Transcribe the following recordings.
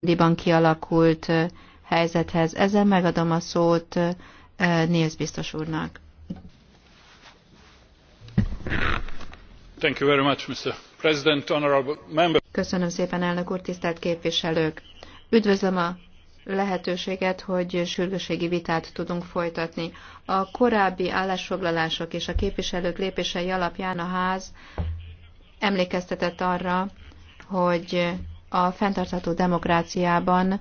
Liban kialakult helyzethez. Ezzel megadom a szót Nils biztos úrnak. Thank you very much, Mr. President, honorable member. Köszönöm szépen, elnök úr, tisztelt képviselők! Üdvözlöm a lehetőséget, hogy sürgőségi vitát tudunk folytatni. A korábbi állásfoglalások és a képviselők lépései alapján a ház emlékeztetett arra, hogy a fenntartható demokráciában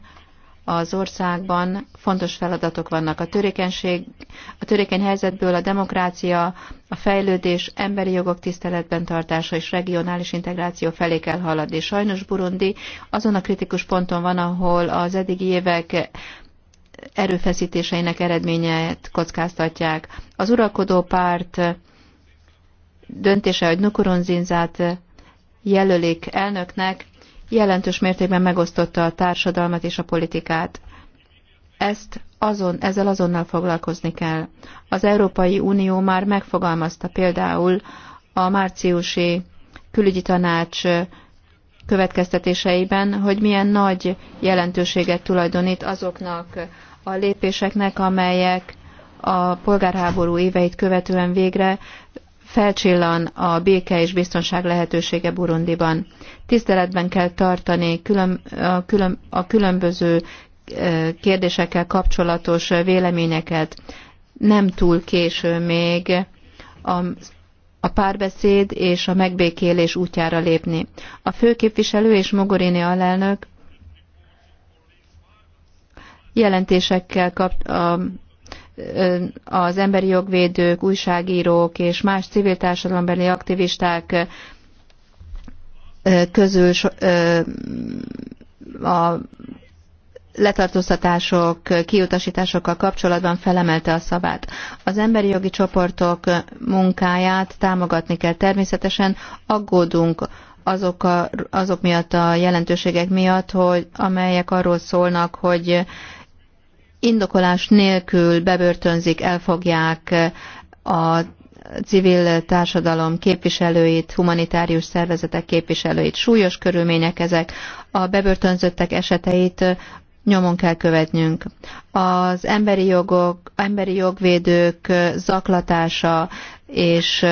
az országban fontos feladatok vannak. A törékenység, a törékeny helyzetből a demokrácia, a fejlődés, emberi jogok tiszteletben tartása és regionális integráció felé kell haladni. Sajnos Burundi azon a kritikus ponton van, ahol az eddigi évek erőfeszítéseinek eredményeit kockáztatják. Az uralkodó párt döntése, hogy Nukurunzinzát jelölik elnöknek, jelentős mértékben megosztotta a társadalmat és a politikát. Ezt azon, ezzel azonnal foglalkozni kell. Az Európai Unió már megfogalmazta például a márciusi külügyi tanács következtetéseiben, hogy milyen nagy jelentőséget tulajdonít azoknak a lépéseknek, amelyek a polgárháború éveit követően végre felcsillan a béke és biztonság lehetősége Burundiban tiszteletben kell tartani külön, a, külön, a különböző e, kérdésekkel kapcsolatos véleményeket. Nem túl késő még a, a párbeszéd és a megbékélés útjára lépni. A főképviselő és Mogorini alelnök jelentésekkel kap, a, e, az emberi jogvédők, újságírók és más civil társadalombeli aktivisták közül a letartóztatások, kiutasításokkal kapcsolatban felemelte a szavát. Az emberi jogi csoportok munkáját támogatni kell természetesen, aggódunk azok, a, azok miatt a jelentőségek miatt, hogy, amelyek arról szólnak, hogy indokolás nélkül bebörtönzik, elfogják a civil társadalom képviselőit, humanitárius szervezetek képviselőit. Súlyos körülmények ezek. A bebörtönzöttek eseteit nyomon kell követnünk. Az emberi, jogok, emberi jogvédők zaklatása és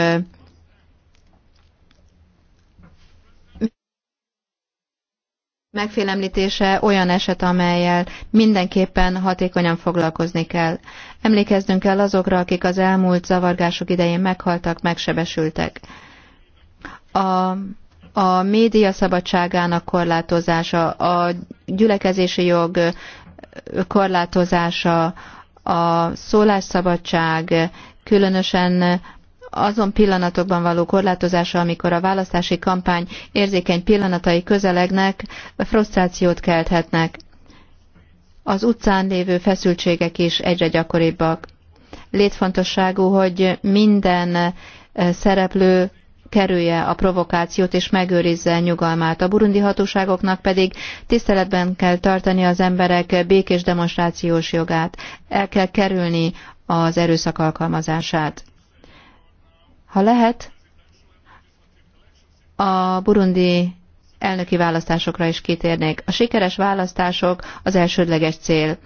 megfélemlítése olyan eset, amelyel mindenképpen hatékonyan foglalkozni kell. Emlékeznünk kell azokra, akik az elmúlt zavargások idején meghaltak, megsebesültek. A a média szabadságának korlátozása, a gyülekezési jog korlátozása, a szólásszabadság, különösen azon pillanatokban való korlátozása, amikor a választási kampány érzékeny pillanatai közelegnek, frusztrációt kelthetnek. Az utcán lévő feszültségek is egyre gyakoribbak. Létfontosságú, hogy minden eh, szereplő kerülje a provokációt és megőrizze nyugalmát. A burundi hatóságoknak pedig tiszteletben kell tartani az emberek békés demonstrációs jogát, el kell kerülni az erőszak alkalmazását. Ha lehet, a burundi elnöki választásokra is kitérnék. A sikeres választások az elsődleges cél.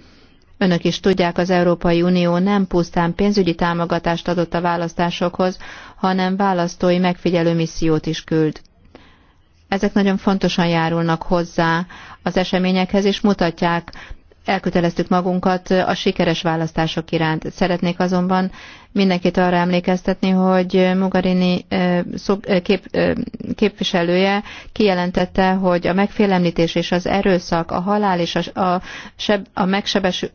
Önök is tudják, az Európai Unió nem pusztán pénzügyi támogatást adott a választásokhoz, hanem választói megfigyelő missziót is küld. Ezek nagyon fontosan járulnak hozzá az eseményekhez, és mutatják, elköteleztük magunkat a sikeres választások iránt. Szeretnék azonban mindenkit arra emlékeztetni, hogy Mugarini kép, képviselője kijelentette, hogy a megfélemlítés és az erőszak, a halál és a, a, seb, a, megsebes,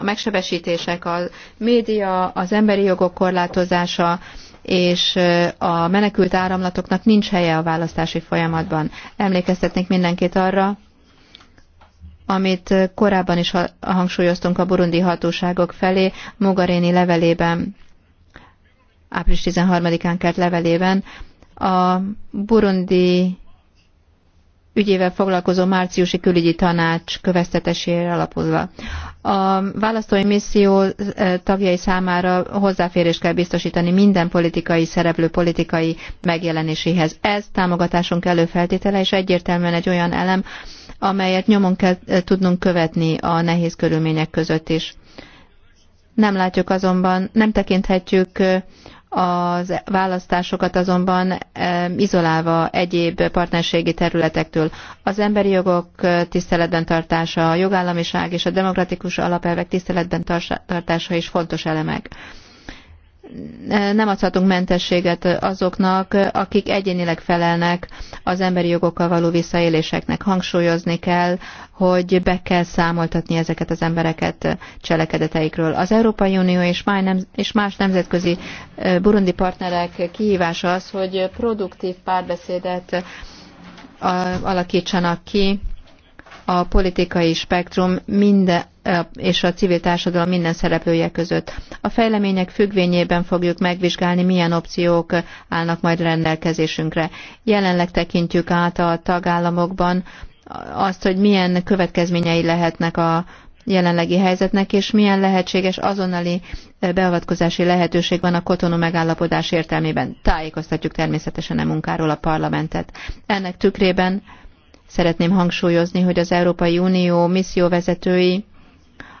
a megsebesítések, a média, az emberi jogok korlátozása, és a menekült áramlatoknak nincs helye a választási folyamatban. Emlékeztetnék mindenkit arra, amit korábban is hangsúlyoztunk a burundi hatóságok felé Mogaréni levelében, április 13-án kelt levelében, a burundi ügyével foglalkozó márciusi külügyi tanács köveztetésére alapozva. A választói misszió tagjai számára hozzáférést kell biztosítani minden politikai szereplő politikai megjelenéséhez. Ez támogatásunk előfeltétele, és egyértelműen egy olyan elem, amelyet nyomon kell eh, tudnunk követni a nehéz körülmények között is. Nem látjuk azonban, nem tekinthetjük eh, a választásokat azonban eh, izolálva egyéb partnerségi területektől. Az emberi jogok tiszteletben tartása, a jogállamiság és a demokratikus alapelvek tiszteletben tartása is fontos elemek nem adhatunk mentességet azoknak, akik egyénileg felelnek az emberi jogokkal való visszaéléseknek. Hangsúlyozni kell, hogy be kell számoltatni ezeket az embereket cselekedeteikről. Az Európai Unió és, más nemzetközi burundi partnerek kihívása az, hogy produktív párbeszédet alakítsanak ki a politikai spektrum minden, és a civil társadalom minden szereplője között. A fejlemények függvényében fogjuk megvizsgálni, milyen opciók állnak majd rendelkezésünkre. Jelenleg tekintjük át a tagállamokban azt, hogy milyen következményei lehetnek a jelenlegi helyzetnek, és milyen lehetséges azonnali beavatkozási lehetőség van a kotonú megállapodás értelmében. Tájékoztatjuk természetesen a munkáról a parlamentet. Ennek tükrében Szeretném hangsúlyozni, hogy az Európai Unió misszióvezetői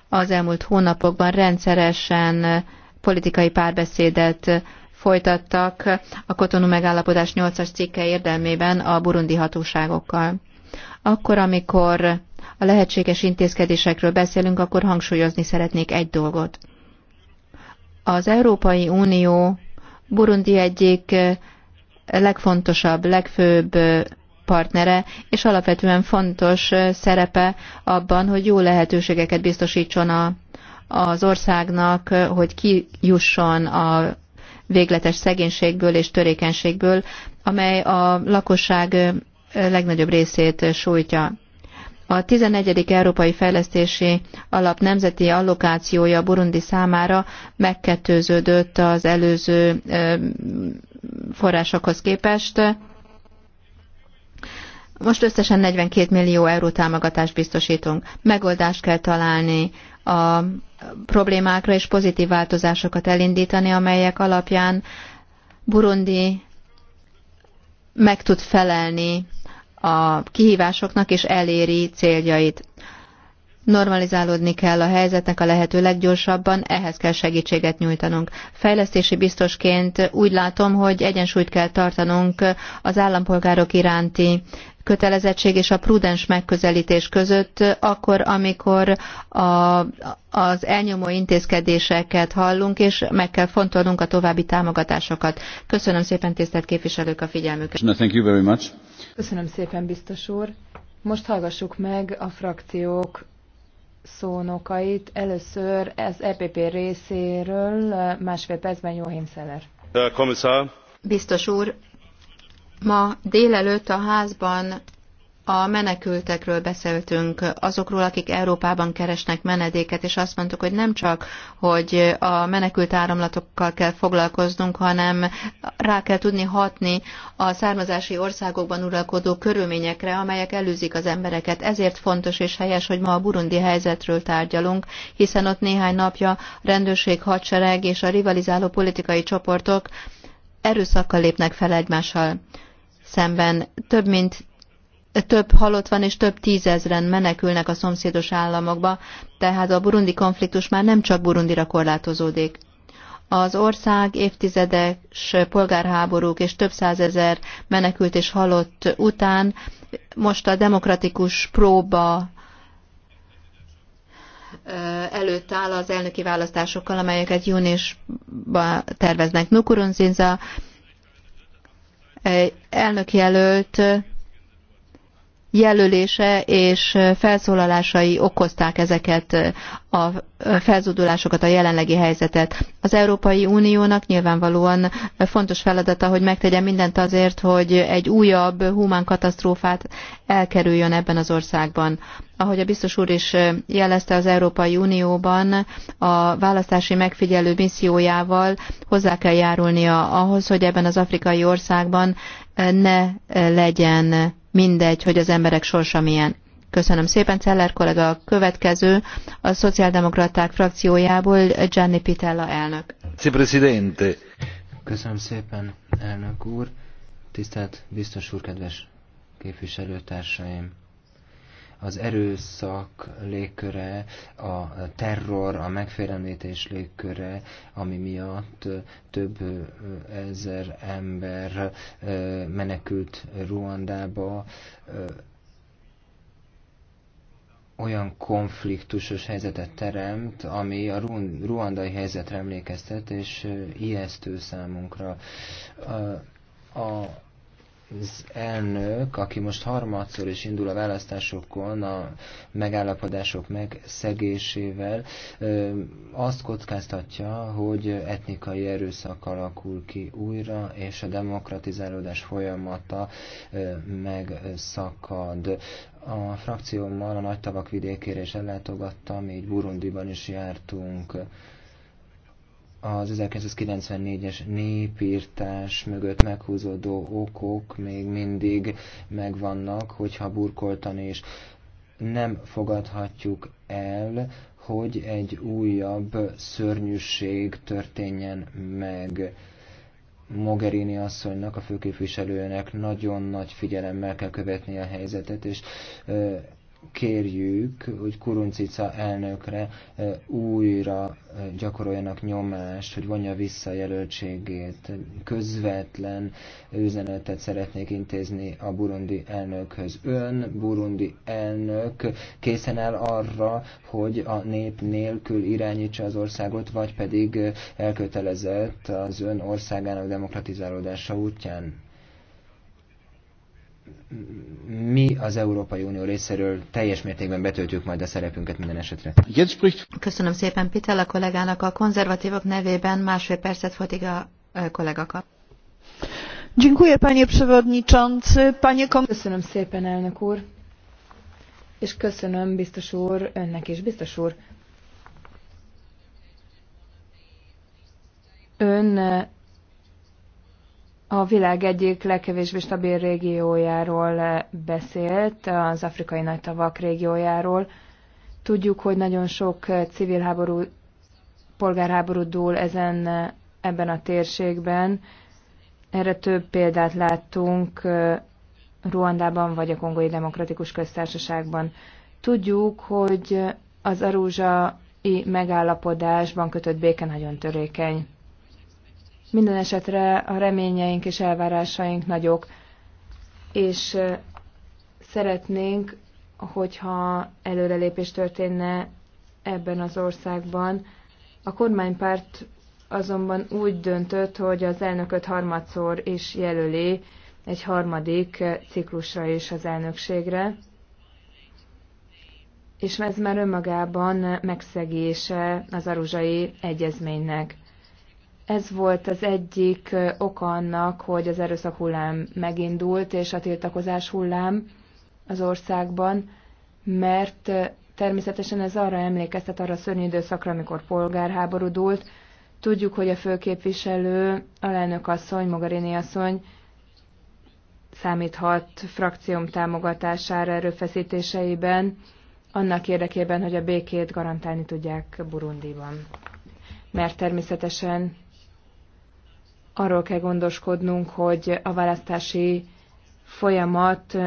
az elmúlt hónapokban rendszeresen politikai párbeszédet folytattak a Kotonu megállapodás 8-as cikke érdemében a burundi hatóságokkal. Akkor, amikor a lehetséges intézkedésekről beszélünk, akkor hangsúlyozni szeretnék egy dolgot. Az Európai Unió Burundi egyik legfontosabb, legfőbb partnere, és alapvetően fontos szerepe abban, hogy jó lehetőségeket biztosítson a, az országnak, hogy kijusson a végletes szegénységből és törékenységből, amely a lakosság legnagyobb részét sújtja. A 14. Európai Fejlesztési Alap nemzeti allokációja Burundi számára megkettőződött az előző forrásokhoz képest most összesen 42 millió euró támogatást biztosítunk. Megoldást kell találni a problémákra és pozitív változásokat elindítani, amelyek alapján Burundi meg tud felelni a kihívásoknak és eléri céljait. Normalizálódni kell a helyzetnek a lehető leggyorsabban, ehhez kell segítséget nyújtanunk. Fejlesztési biztosként úgy látom, hogy egyensúlyt kell tartanunk az állampolgárok iránti kötelezettség és a prudens megközelítés között, akkor, amikor a, az elnyomó intézkedéseket hallunk, és meg kell fontolnunk a további támogatásokat. Köszönöm szépen, tisztelt képviselők, a figyelmüket. No, thank you very much. Köszönöm szépen, biztos úr. Most hallgassuk meg a frakciók szónokait. Először az EPP részéről másfél percben Joachim Szeller. Biztos úr, Ma délelőtt a házban a menekültekről beszéltünk, azokról, akik Európában keresnek menedéket, és azt mondtuk, hogy nem csak, hogy a menekült áramlatokkal kell foglalkoznunk, hanem rá kell tudni hatni a származási országokban uralkodó körülményekre, amelyek előzik az embereket. Ezért fontos és helyes, hogy ma a burundi helyzetről tárgyalunk, hiszen ott néhány napja rendőrség, hadsereg és a rivalizáló politikai csoportok erőszakkal lépnek fel egymással szemben több mint több halott van, és több tízezren menekülnek a szomszédos államokba, tehát a burundi konfliktus már nem csak Burundira korlátozódik. Az ország évtizedes polgárháborúk és több százezer menekült és halott után most a demokratikus próba előtt áll az elnöki választásokkal, amelyeket júniusban terveznek. Nukurunzinza elnökjelölt jelölése és felszólalásai okozták ezeket a felzúdulásokat, a jelenlegi helyzetet. Az Európai Uniónak nyilvánvalóan fontos feladata, hogy megtegye mindent azért, hogy egy újabb humán katasztrófát elkerüljön ebben az országban. Ahogy a biztos úr is jelezte az Európai Unióban, a választási megfigyelő missziójával hozzá kell járulnia ahhoz, hogy ebben az afrikai országban ne legyen mindegy, hogy az emberek sorsa milyen. Köszönöm szépen, Celler kollega. A következő a szociáldemokraták frakciójából Gianni Pitella elnök. Köszönöm szépen, elnök úr. Tisztelt biztos úr, kedves képviselőtársaim! az erőszak légköre, a terror, a megfélemlítés légköre, ami miatt több ezer ember menekült Ruandába, olyan konfliktusos helyzetet teremt, ami a ruandai helyzetre emlékeztet, és ijesztő számunkra. A az elnök, aki most harmadszor is indul a választásokon a megállapodások megszegésével, azt kockáztatja, hogy etnikai erőszak alakul ki újra, és a demokratizálódás folyamata megszakad. A frakciómmal a nagy tavak vidékére is ellátogattam, így Burundiban is jártunk az 1994-es népírtás mögött meghúzódó okok még mindig megvannak, hogyha burkoltan és nem fogadhatjuk el, hogy egy újabb szörnyűség történjen meg. Mogherini asszonynak, a főképviselőnek nagyon nagy figyelemmel kell követni a helyzetet, és kérjük, hogy Kuruncica elnökre újra gyakoroljanak nyomást, hogy vonja vissza a jelöltségét. Közvetlen üzenetet szeretnék intézni a burundi elnökhöz. Ön, burundi elnök, készen áll arra, hogy a nép nélkül irányítsa az országot, vagy pedig elkötelezett az ön országának demokratizálódása útján? mi az Európai Unió részéről teljes mértékben betöltjük majd a szerepünket minden esetre. Köszönöm szépen Pitel a kollégának a konzervatívok nevében másfél percet folytig a kollega kap. Dziękuję panie przewodniczący, panie kom... Köszönöm szépen elnök úr, és köszönöm biztos úr önnek is, biztos úr. Ön a világ egyik legkevésbé stabil régiójáról beszélt, az afrikai nagy tavak régiójáról. Tudjuk, hogy nagyon sok civil háború, polgárháború dúl ezen, ebben a térségben. Erre több példát láttunk Ruandában vagy a Kongói Demokratikus Köztársaságban. Tudjuk, hogy az arúzsai megállapodásban kötött béke nagyon törékeny. Minden esetre a reményeink és elvárásaink nagyok, és szeretnénk, hogyha előrelépés történne ebben az országban. A kormánypárt azonban úgy döntött, hogy az elnököt harmadszor is jelöli egy harmadik ciklusra is az elnökségre, és ez már önmagában megszegése az aruzsai egyezménynek. Ez volt az egyik oka annak, hogy az erőszak hullám megindult, és a tiltakozás hullám az országban, mert természetesen ez arra emlékeztet arra a szörnyű időszakra, amikor polgárháború dúlt. Tudjuk, hogy a főképviselő, alelnök asszony, Mogarini asszony számíthat frakcióm támogatására erőfeszítéseiben, annak érdekében, hogy a békét garantálni tudják Burundiban. Mert természetesen arról kell gondoskodnunk, hogy a választási folyamat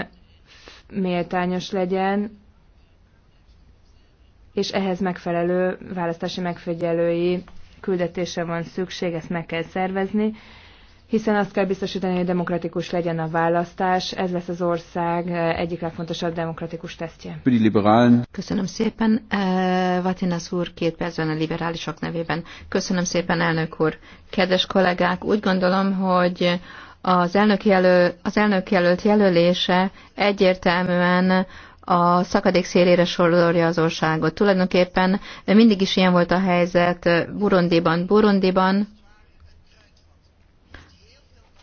méltányos legyen, és ehhez megfelelő választási megfigyelői küldetése van szükség, ezt meg kell szervezni hiszen azt kell biztosítani, hogy demokratikus legyen a választás. Ez lesz az ország eh, egyik legfontosabb demokratikus tesztje. Köszönöm szépen. Eh, Vatinas úr két percben a liberálisok nevében. Köszönöm szépen, elnök úr. Kedves kollégák, úgy gondolom, hogy az elnök, jelöl, az elnök jelölt jelölése egyértelműen a szakadék szélére sorolja az országot. Tulajdonképpen mindig is ilyen volt a helyzet Burundiban. Burundiban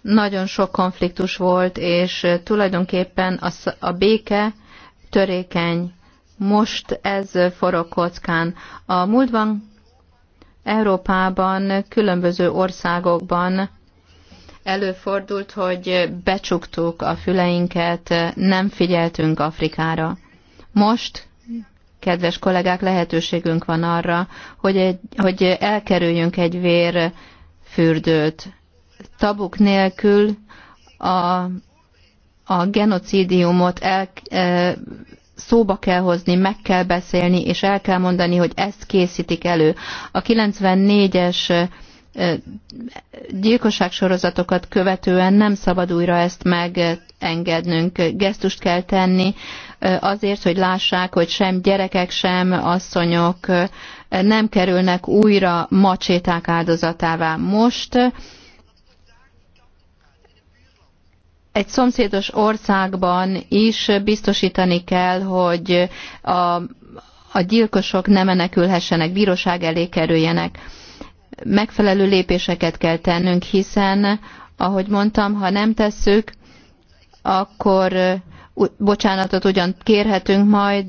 nagyon sok konfliktus volt, és tulajdonképpen a, a béke törékeny. Most ez forog kockán. A múltban Európában, különböző országokban előfordult, hogy becsuktuk a füleinket, nem figyeltünk Afrikára. Most, kedves kollégák, lehetőségünk van arra, hogy, egy, hogy elkerüljünk egy fürdőt, tabuk nélkül a, a genocidiumot el, e, szóba kell hozni, meg kell beszélni, és el kell mondani, hogy ezt készítik elő. A 94-es e, e, sorozatokat követően nem szabad újra ezt megengednünk. Gesztust kell tenni e, azért, hogy lássák, hogy sem gyerekek, sem asszonyok nem kerülnek újra macséták áldozatává. Most egy szomszédos országban is biztosítani kell, hogy a, a gyilkosok ne menekülhessenek, bíróság elé kerüljenek. Megfelelő lépéseket kell tennünk, hiszen, ahogy mondtam, ha nem tesszük, akkor bocsánatot ugyan kérhetünk majd,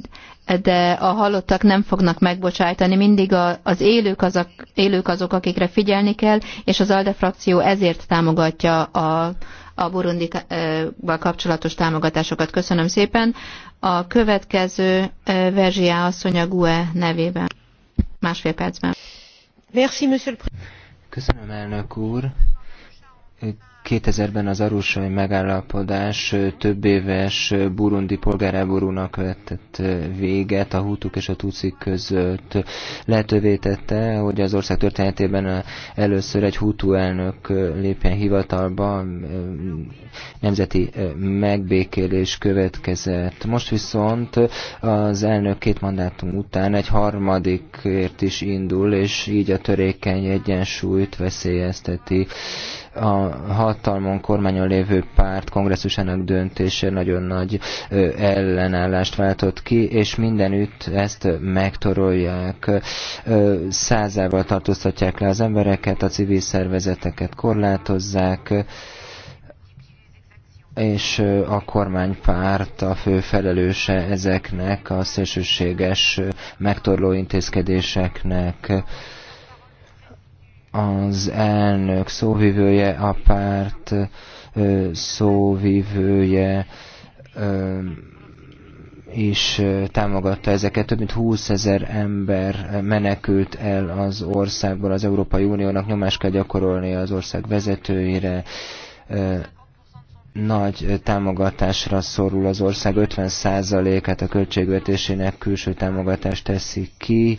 de a halottak nem fognak megbocsájtani. Mindig a, az élők, azok, élők azok, akikre figyelni kell, és az ALDE frakció ezért támogatja a a Burundival kapcsolatos támogatásokat. Köszönöm szépen. A következő Verzsia asszony a GUE nevében. Másfél percben. Merci, monsieur le Köszönöm, elnök úr. 2000-ben az arusai megállapodás több éves burundi polgáráborúnak vetett véget a hútuk és a tucik között. Lehetővé tette, hogy az ország történetében először egy hútu elnök lépjen hivatalba, nemzeti megbékélés következett. Most viszont az elnök két mandátum után egy harmadikért is indul, és így a törékeny egyensúlyt veszélyezteti a hatalmon kormányon lévő párt kongresszusának döntése nagyon nagy ellenállást váltott ki, és mindenütt ezt megtorolják, százával tartóztatják le az embereket, a civil szervezeteket korlátozzák, és a kormánypárt a fő felelőse ezeknek a szélsőséges megtorló intézkedéseknek az elnök szóvivője, a párt szóvivője is támogatta ezeket. Több mint 20 ezer ember menekült el az országból, az Európai Uniónak nyomást kell gyakorolni az ország vezetőire. Nagy támogatásra szorul az ország, 50%-át a költségvetésének külső támogatást teszi ki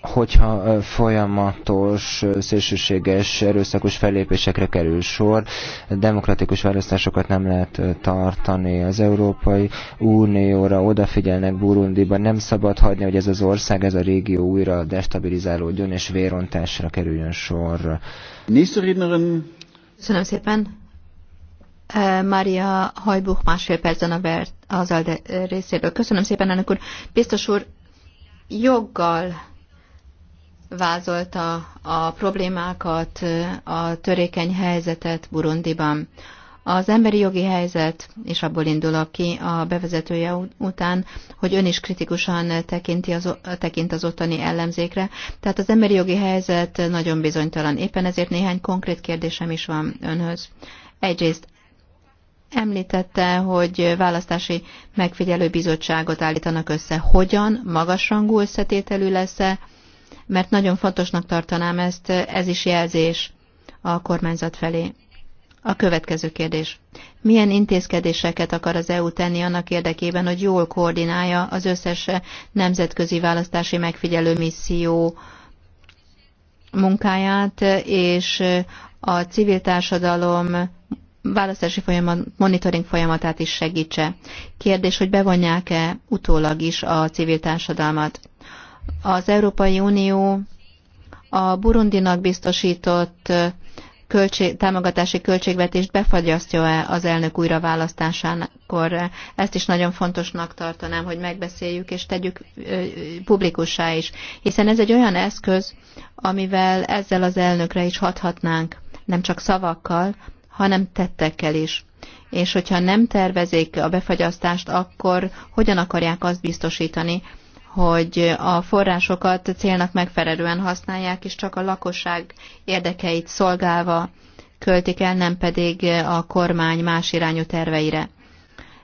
hogyha folyamatos, szélsőséges, erőszakos fellépésekre kerül sor, demokratikus választásokat nem lehet tartani. Az Európai Unióra odafigyelnek Burundiban, nem szabad hagyni, hogy ez az ország, ez a régió újra destabilizálódjon és vérontásra kerüljön sor. Köszönöm szépen. Mária Hajbuch másfél percen a vert az ALDE részéről. Köszönöm szépen, elnök úr. Biztos úr, joggal vázolta a problémákat, a törékeny helyzetet Burundiban. Az emberi jogi helyzet, és abból indulok ki a bevezetője után, hogy ön is kritikusan tekinti az, tekint az ottani ellenzékre, tehát az emberi jogi helyzet nagyon bizonytalan. Éppen ezért néhány konkrét kérdésem is van önhöz. Egyrészt Említette, hogy választási megfigyelő bizottságot állítanak össze. Hogyan, magasrangú összetételű lesz-e, mert nagyon fontosnak tartanám ezt, ez is jelzés a kormányzat felé. A következő kérdés. Milyen intézkedéseket akar az EU tenni annak érdekében, hogy jól koordinálja az összes nemzetközi választási megfigyelő misszió munkáját, és a civil társadalom választási folyamat, monitoring folyamatát is segítse. Kérdés, hogy bevonják-e utólag is a civil társadalmat az Európai Unió a Burundinak biztosított költség, támogatási költségvetést befagyasztja-e az elnök újraválasztásánakor. Ezt is nagyon fontosnak tartanám, hogy megbeszéljük és tegyük publikussá is, hiszen ez egy olyan eszköz, amivel ezzel az elnökre is hathatnánk, nem csak szavakkal, hanem tettekkel is. És hogyha nem tervezik a befagyasztást, akkor hogyan akarják azt biztosítani, hogy a forrásokat célnak megfelelően használják, és csak a lakosság érdekeit szolgálva költik el, nem pedig a kormány más irányú terveire.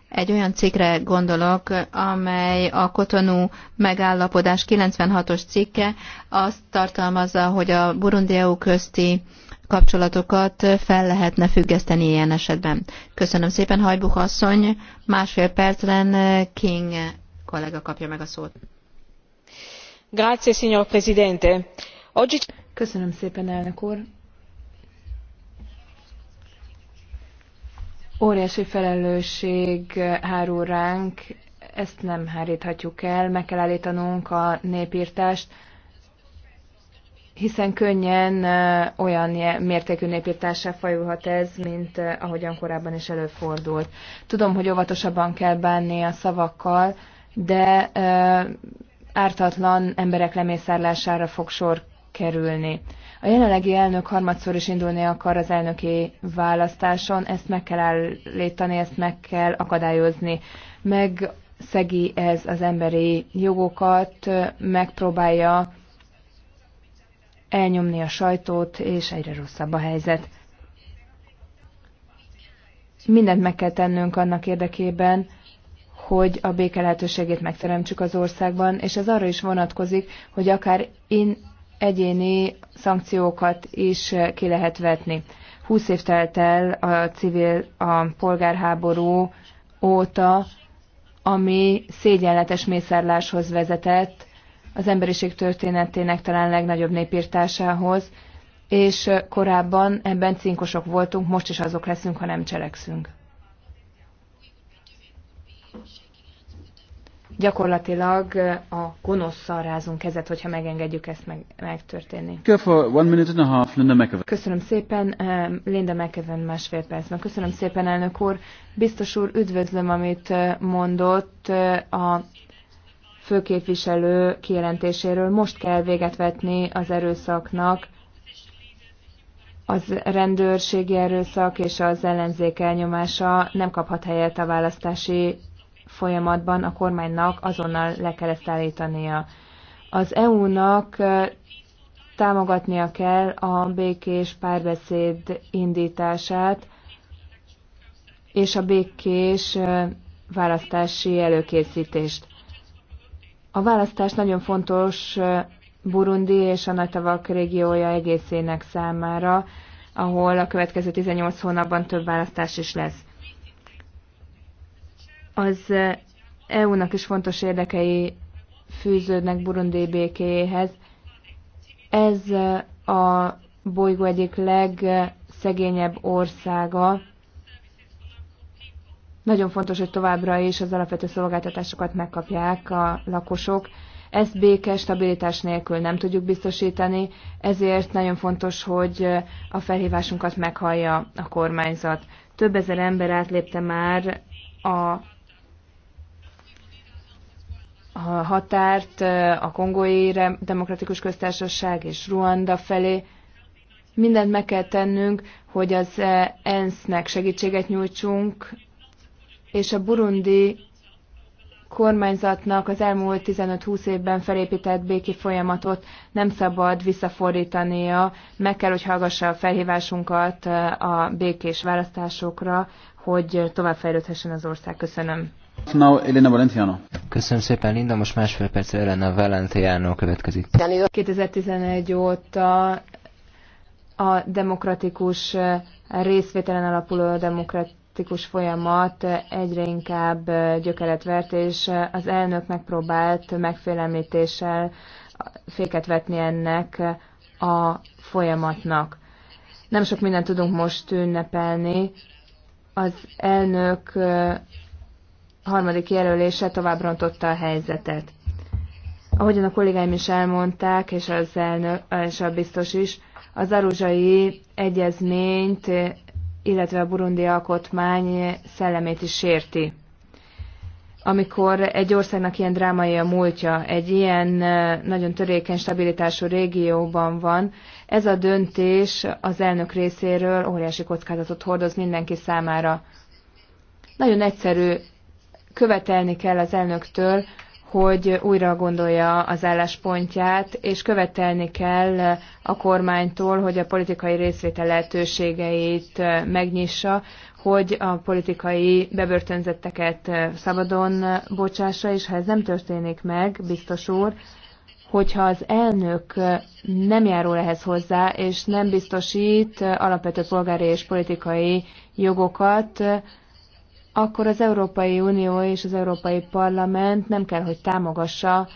Egy olyan cikkre gondolok, amely a Kotonú megállapodás 96-os cikke azt tartalmazza, hogy a Burundi EU közti kapcsolatokat fel lehetne függeszteni ilyen esetben. Köszönöm szépen, Hajbuk asszony. Másfél percben King kollega kapja meg a szót signor presidente oggi. köszönöm szépen óriási felelősség hárul ránk ezt nem hárthatjuk el meg kell álltanunk a népirtást hiszen könnyen olyan mértékű népirtássá fajulhat ez, mint ahogyan korábban is előfordult. Tudom, hogy óvatosabban kell bánni a szavakkal, de ártatlan emberek lemészárlására fog sor kerülni. A jelenlegi elnök harmadszor is indulni akar az elnöki választáson, ezt meg kell állítani, ezt meg kell akadályozni. Meg szegi ez az emberi jogokat, megpróbálja elnyomni a sajtót, és egyre rosszabb a helyzet. Mindent meg kell tennünk annak érdekében, hogy a béke lehetőségét megteremtsük az országban, és ez arra is vonatkozik, hogy akár én egyéni szankciókat is ki lehet vetni. 20 év telt el a civil, a polgárháború óta, ami szégyenletes mészárláshoz vezetett, az emberiség történetének talán legnagyobb népírtásához, és korábban ebben cinkosok voltunk, most is azok leszünk, ha nem cselekszünk. gyakorlatilag a gonoszszal rázunk kezet, hogyha megengedjük ezt meg, megtörténni. Köszönöm szépen, Linda McEwen másfél percben. Köszönöm szépen, elnök úr. Biztos úr, üdvözlöm, amit mondott a főképviselő kijelentéséről. Most kell véget vetni az erőszaknak, az rendőrségi erőszak és az ellenzék elnyomása nem kaphat helyet a választási folyamatban a kormánynak azonnal le kell ezt állítania. Az EU-nak támogatnia kell a békés párbeszéd indítását és a békés választási előkészítést. A választás nagyon fontos Burundi és a Natavak régiója egészének számára, ahol a következő 18 hónapban több választás is lesz. Az EU-nak is fontos érdekei fűződnek Burundi békéjéhez. Ez a bolygó egyik legszegényebb országa. Nagyon fontos, hogy továbbra is az alapvető szolgáltatásokat megkapják a lakosok. Ezt béke, stabilitás nélkül nem tudjuk biztosítani, ezért nagyon fontos, hogy a felhívásunkat meghallja a kormányzat. Több ezer ember átlépte már a a határt a Kongói Demokratikus Köztársaság és Ruanda felé. Mindent meg kell tennünk, hogy az ENSZ-nek segítséget nyújtsunk, és a burundi kormányzatnak az elmúlt 15-20 évben felépített béki folyamatot nem szabad visszafordítania. Meg kell, hogy hallgassa a felhívásunkat a békés választásokra, hogy továbbfejlődhessen az ország. Köszönöm. Now, Elena Valenciano. Köszönöm szépen, Linda. Most másfél perc Elena Valenciano következik. 2011 óta a demokratikus részvételen alapuló demokratikus folyamat egyre inkább gyökeret vert, és az elnök megpróbált megfélemlítéssel féket vetni ennek a folyamatnak. Nem sok mindent tudunk most ünnepelni, az elnök harmadik jelölése tovább rontotta a helyzetet. Ahogyan a kollégáim is elmondták, és, az elnök, és a biztos is, az aruzsai egyezményt, illetve a burundi alkotmány szellemét is sérti. Amikor egy országnak ilyen drámai a múltja, egy ilyen nagyon törékeny stabilitású régióban van, ez a döntés az elnök részéről óriási kockázatot hordoz mindenki számára. Nagyon egyszerű követelni kell az elnöktől, hogy újra gondolja az álláspontját, és követelni kell a kormánytól, hogy a politikai részvétel lehetőségeit megnyissa, hogy a politikai bebörtönzetteket szabadon bocsássa, és ha ez nem történik meg, biztos úr, hogyha az elnök nem járul ehhez hozzá, és nem biztosít alapvető polgári és politikai jogokat, akkor az Európai Unió és az Európai Parlament nem kell, hogy támogassa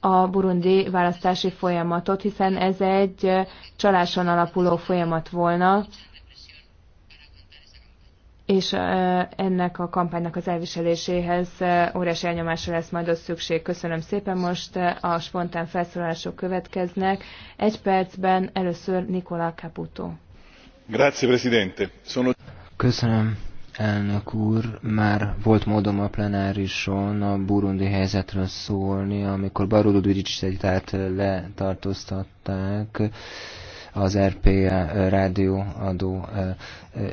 a burundi választási folyamatot, hiszen ez egy csaláson alapuló folyamat volna, és ennek a kampánynak az elviseléséhez óriási elnyomásra lesz majd az szükség. Köszönöm szépen, most a spontán felszólalások következnek. Egy percben először Nikola Caputo. Grazie, Presidente. Sono... Köszönöm, elnök úr. Már volt módom a plenárison a burundi helyzetről szólni, amikor Barodó Düricsitát letartóztatták az RPA adó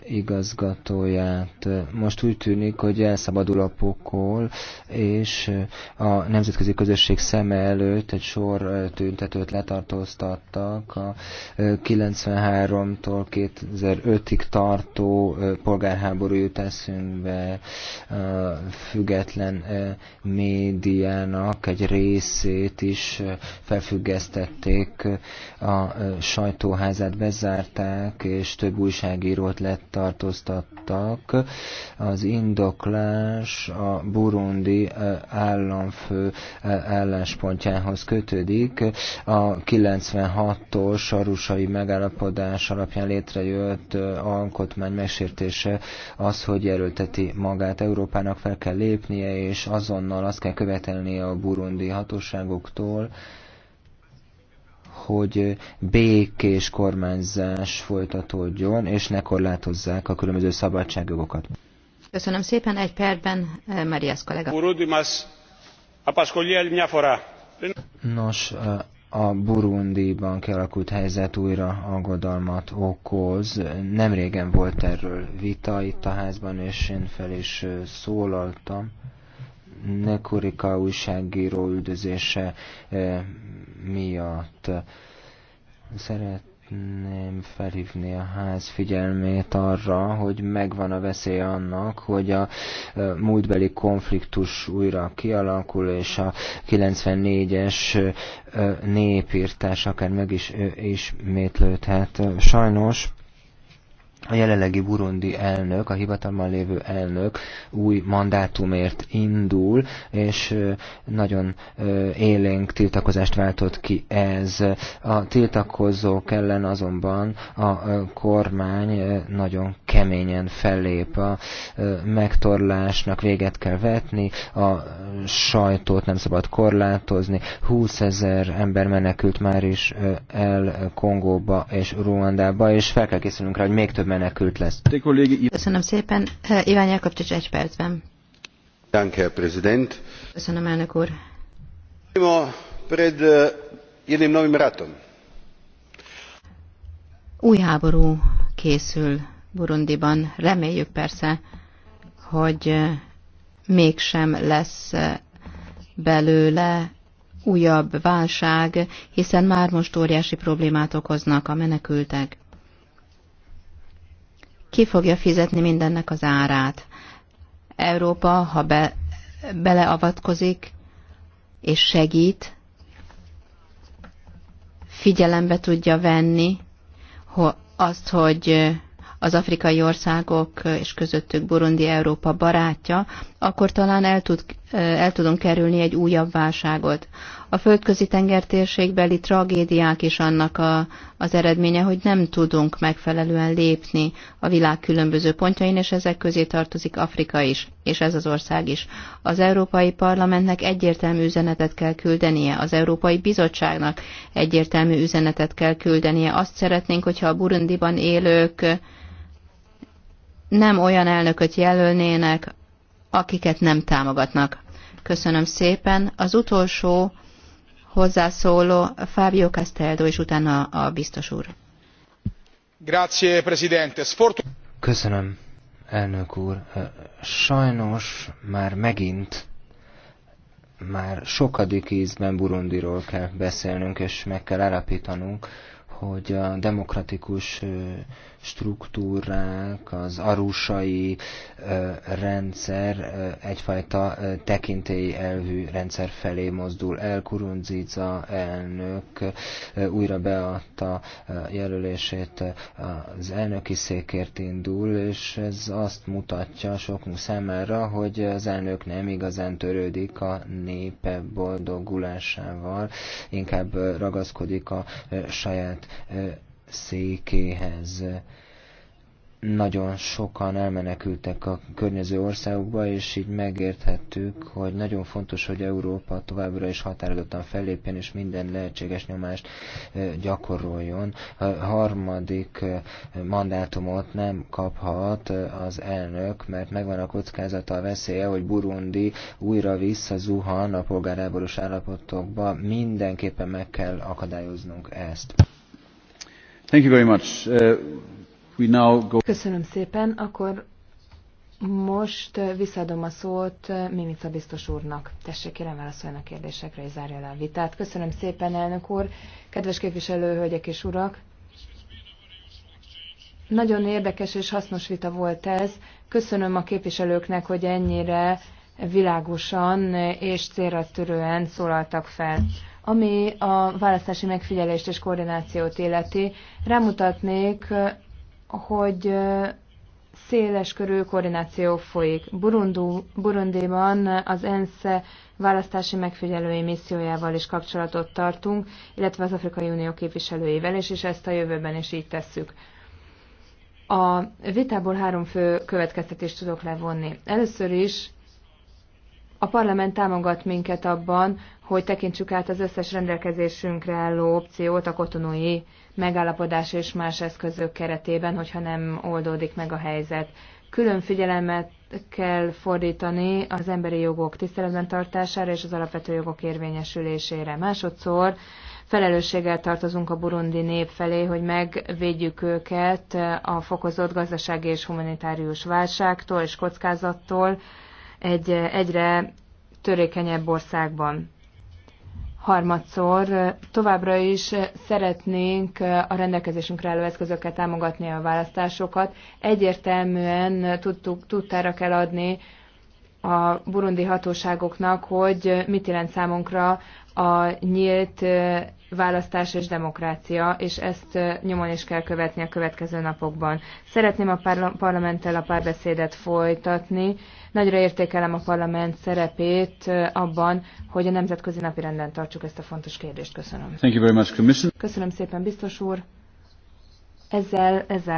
igazgatóját. Most úgy tűnik, hogy elszabadul a pokol, és a nemzetközi közösség szeme előtt egy sor tüntetőt letartóztattak a 93-tól 2005-ig tartó polgárháború jut eszünkbe független médiának egy részét is felfüggesztették a sajtó sajtóházát bezárták, és több újságírót letartóztattak. Az indoklás a burundi eh, államfő eh, álláspontjához kötődik. A 96-os arusai megállapodás alapján létrejött eh, alkotmány megsértése az, hogy erőlteti magát Európának fel kell lépnie, és azonnal azt kell követelnie a burundi hatóságoktól, hogy békés kormányzás folytatódjon, és ne korlátozzák a különböző szabadságjogokat. Köszönöm szépen, egy percben eh, Marias kollega. Nos, eh, a Burundiban kialakult helyzet újra aggodalmat okoz. Nem régen volt erről vita itt a házban, és én fel is eh, szólaltam. Nekurika újságíró üldözése miatt. Szeretném felhívni a ház figyelmét arra, hogy megvan a veszély annak, hogy a múltbeli konfliktus újra kialakul, és a 94-es népírtás akár meg is ismétlődhet. Sajnos a jelenlegi burundi elnök, a hivatalban lévő elnök új mandátumért indul, és nagyon élénk tiltakozást váltott ki ez. A tiltakozók ellen azonban a kormány nagyon keményen fellép. A megtorlásnak véget kell vetni, a sajtót nem szabad korlátozni. 20 ezer ember menekült már is el Kongóba és Ruandába, és fel kell készülnünk rá, hogy még több menekült lesz. Köszönöm szépen. Iván Jelkapcsics egy percben. Danke, Köszönöm, elnök úr. Pred eh, jednim novim ratom. Új háború készül Burundiban. Reméljük persze, hogy eh, mégsem lesz eh, belőle újabb válság, hiszen már most óriási problémát okoznak a menekültek ki fogja fizetni mindennek az árát. Európa, ha be, beleavatkozik és segít, figyelembe tudja venni azt, hogy az afrikai országok és közöttük Burundi Európa barátja, akkor talán el, tud, el tudunk kerülni egy újabb válságot. A földközi tenger térségbeli tragédiák is annak a, az eredménye, hogy nem tudunk megfelelően lépni a világ különböző pontjain, és ezek közé tartozik Afrika is, és ez az ország is. Az Európai Parlamentnek egyértelmű üzenetet kell küldenie, az Európai Bizottságnak egyértelmű üzenetet kell küldenie. Azt szeretnénk, hogyha a Burundiban élők nem olyan elnököt jelölnének, akiket nem támogatnak. Köszönöm szépen. Az utolsó hozzászóló Fábio Casteldo, és utána a biztos úr. Köszönöm, elnök úr. Sajnos már megint már sokadik ízben Burundiról kell beszélnünk, és meg kell állapítanunk, hogy a demokratikus struktúrák, az arusai rendszer egyfajta tekintélyi elvű rendszer felé mozdul el. Kurunzica elnök újra beadta jelölését, az elnöki székért indul, és ez azt mutatja sokunk szemára, hogy az elnök nem igazán törődik a népe boldogulásával, inkább ragaszkodik a saját székéhez. Nagyon sokan elmenekültek a környező országokba, és így megérthettük, hogy nagyon fontos, hogy Európa továbbra is határozottan fellépjen, és minden lehetséges nyomást gyakoroljon. A harmadik mandátumot nem kaphat az elnök, mert megvan a kockázata, a veszélye, hogy Burundi újra visszazuhan a polgáráborús állapotokba. Mindenképpen meg kell akadályoznunk ezt. Thank you very much. Uh, we now go... Köszönöm szépen. Akkor most uh, visszadom a szót uh, Mimica biztos úrnak. Tessék, kérem válaszoljon a kérdésekre, és zárja le a vitát. Köszönöm szépen, elnök úr. Kedves képviselő, hölgyek és urak! Nagyon érdekes és hasznos vita volt ez. Köszönöm a képviselőknek, hogy ennyire világosan és célra törően szólaltak fel. Ami a választási megfigyelést és koordinációt illeti, rámutatnék, hogy széles körű koordináció folyik. Burundu, Burundiban az ENSZ választási megfigyelői missziójával is kapcsolatot tartunk, illetve az Afrikai Unió képviselőivel is, és ezt a jövőben is így tesszük. A vitából három fő következtetést tudok levonni. Először is a parlament támogat minket abban, hogy tekintsük át az összes rendelkezésünkre álló opciót a kotonói megállapodás és más eszközök keretében, hogyha nem oldódik meg a helyzet. Külön figyelemet kell fordítani az emberi jogok tiszteletben tartására és az alapvető jogok érvényesülésére. Másodszor felelősséggel tartozunk a burundi nép felé, hogy megvédjük őket a fokozott gazdasági és humanitárius válságtól és kockázattól, egy egyre törékenyebb országban. Harmadszor továbbra is szeretnénk a rendelkezésünkre álló eszközökkel támogatni a választásokat. Egyértelműen tudtuk, tudtára kell adni a burundi hatóságoknak, hogy mit jelent számunkra a nyílt választás és demokrácia, és ezt nyomon is kell követni a következő napokban. Szeretném a parlamenttel a párbeszédet folytatni. Nagyra értékelem a parlament szerepét abban, hogy a nemzetközi renden tartsuk ezt a fontos kérdést. Köszönöm. Thank you very much, Köszönöm szépen, biztos úr. Ezzel, ezzel